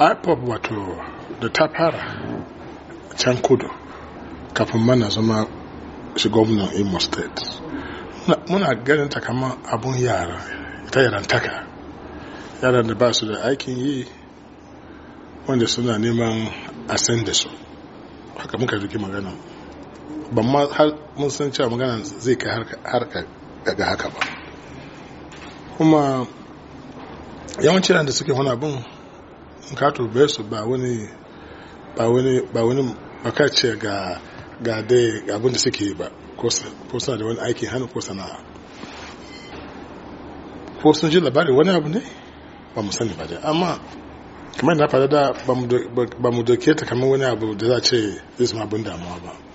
ipop wato da ta fara can kudu kafin mana zama shi gwamnan imo state muna ganin ta kama abun yara ta yarantaka yaran da ba su da aikin yi wanda suna neman a san da su haka muka zuki magana ban ma har mun san cewa magana zai kai harka daga haka ba kuma yawancin da suke wani abun. ka bai su ba wani ba wani ba wani makace ga ga dai abin da suke ba ko suna da wani aiki hannu ko sana'a ko sun ji labari wani abu ne ba mu sani ba dai amma kamar na faɗa da ba mu doke ta kamar wani abu da za a ce zai zama abin damuwa ba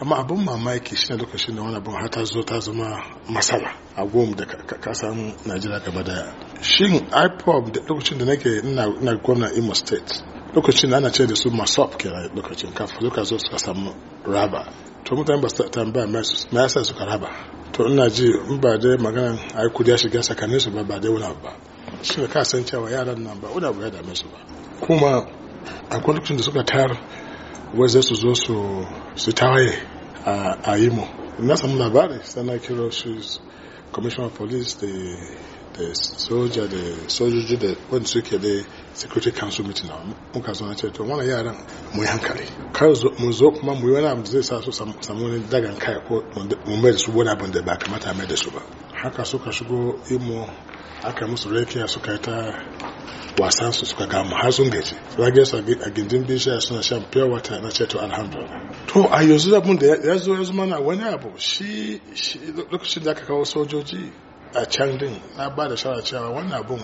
amma abin mamaki shi lokacin da wani abin har ta zo ta zama masala a goma da ka samu najeriya gaba daya shin ipob da lokacin da nake ina gwamna imo state lokacin ana ce da su masop kenan lokacin kafin suka zo suka samu raba to mutane ba su tambaya mai yasa suka raba to ina ji in ba dai magana ai kudi ya shiga tsakanin su ba ba dai wani ba shi ka san cewa yaran nan ba wani abu ya dame su ba kuma akwai lokacin da suka tayar wai zai su zo su tawaye a imo na samu labari sana kiro su commissioner police da soja da sojoji da wani suke da security council meeting na muka zo na ce to yaran mu yi hankali kar mu zo kuma mu yi wani abu zai sa su samu wani dagan kai ko mu mai da su wani abin da ba kamata mai da su ba haka suka shigo imo aka musu rakiya suka yi ta wasan suka gamu har sun gaji su a gindin bishiya suna shan fiye wata na ceto alhamdulillah to a yanzu abin da ya zo ya zama na wani abu shi lokacin da aka kawo sojoji a can din na ba da shawara cewa wani abu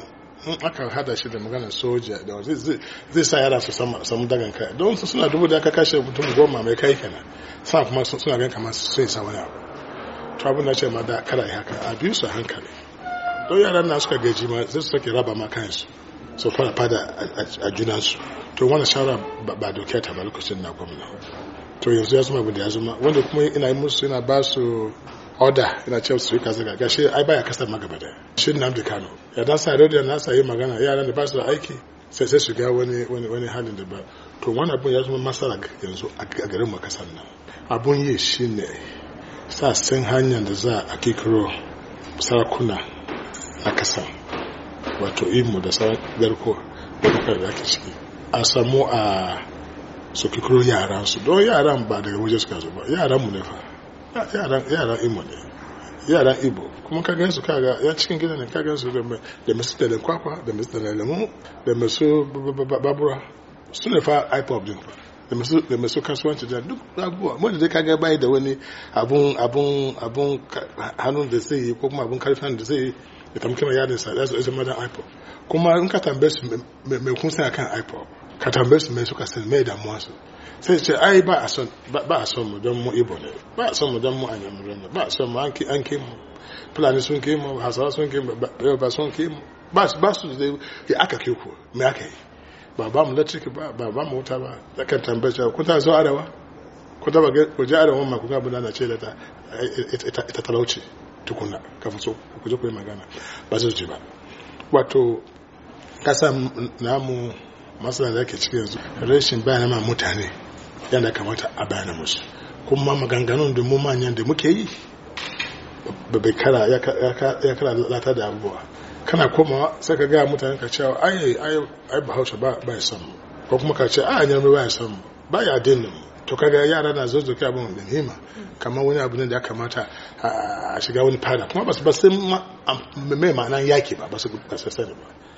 in aka hada shi da magana soja da zai sa yara su samu dagan kai don su suna dubu da aka kashe mutum goma mai kai kenan sa kuma suna ganin kamar su sai sa wani abu to abin da ce ma da kada yi haka a biyu su hankali don yaran na suka gaji ma zai sake raba ma kansu su fara fada a junansu to wannan shawara ba doke ba lokacin na gwamna to yanzu ya zama abin da ya zama wanda kuma ina yi musu yana ba su oda ina cewa su yi kaza gashi ai baya kasar magaba da shi Nnamdi Kano ya dan sa yi magana yaran da ba su da aiki sai sai ga wani wani wani halin da ba to wani abun ya zama masara yanzu a garin mu kasar nan abun yi shine sa san hanyar da za a kikiro sarakuna a kasa wato imu da sauran garko da ake ciki a samu a su kikiro yaran su don yaran ba daga waje suka zo ba yaran mu ne fa yaran yaran imo ne yaran ibo kuma ka ka kaga ya cikin gidan ne ka su da masu da kwakwa da masu da lemu da masu babura su ne fa ipop din fa da masu kasuwanci da duk abubuwa wanda dai kaga bai da wani abun abun abun hannun da zai yi ko kuma abun karfin da zai yi da tamkira yadin sa za su isa madan ipop kuma in ka tambaye su mai kun sai akan ipop ka tambaye su mai suka sani mai damuwa su sai ce ai ba a son ba a son mu don mu ibo ne ba a son mu don mu anyamuran ne ba a son mu an ke mu fulani sun ke mu hasawa sun ke mu ba sun ke mu ba su da ya aka ke ku me aka yi ba ba mu latriki ba ba ba mu wuta ba da kan tambaye cewa kun ta zo arewa kun taba ku ji arewa ma ku ga bulana ce da ta ita talauci tukuna kafin so ku je ku yi magana ba su ji ba wato kasa namu masana da ke cikin yanzu rashin bayan ma mutane yana kamata a bayana musu kuma maganganun da mu manyan da muke yi bai kara ya kara lata da abubuwa kana komawa sai ka gaya mutane ka cewa ai ai ai bahaushe ba ba ya samu ko kuma ka ce a anyar ba ya samu ba ya addinin to kaga yara na zozzoki abin da nima kamar wani abu ne da ya kamata a shiga wani fada kuma ba su ba sai mai ma'anan yaki ba ba su sani ba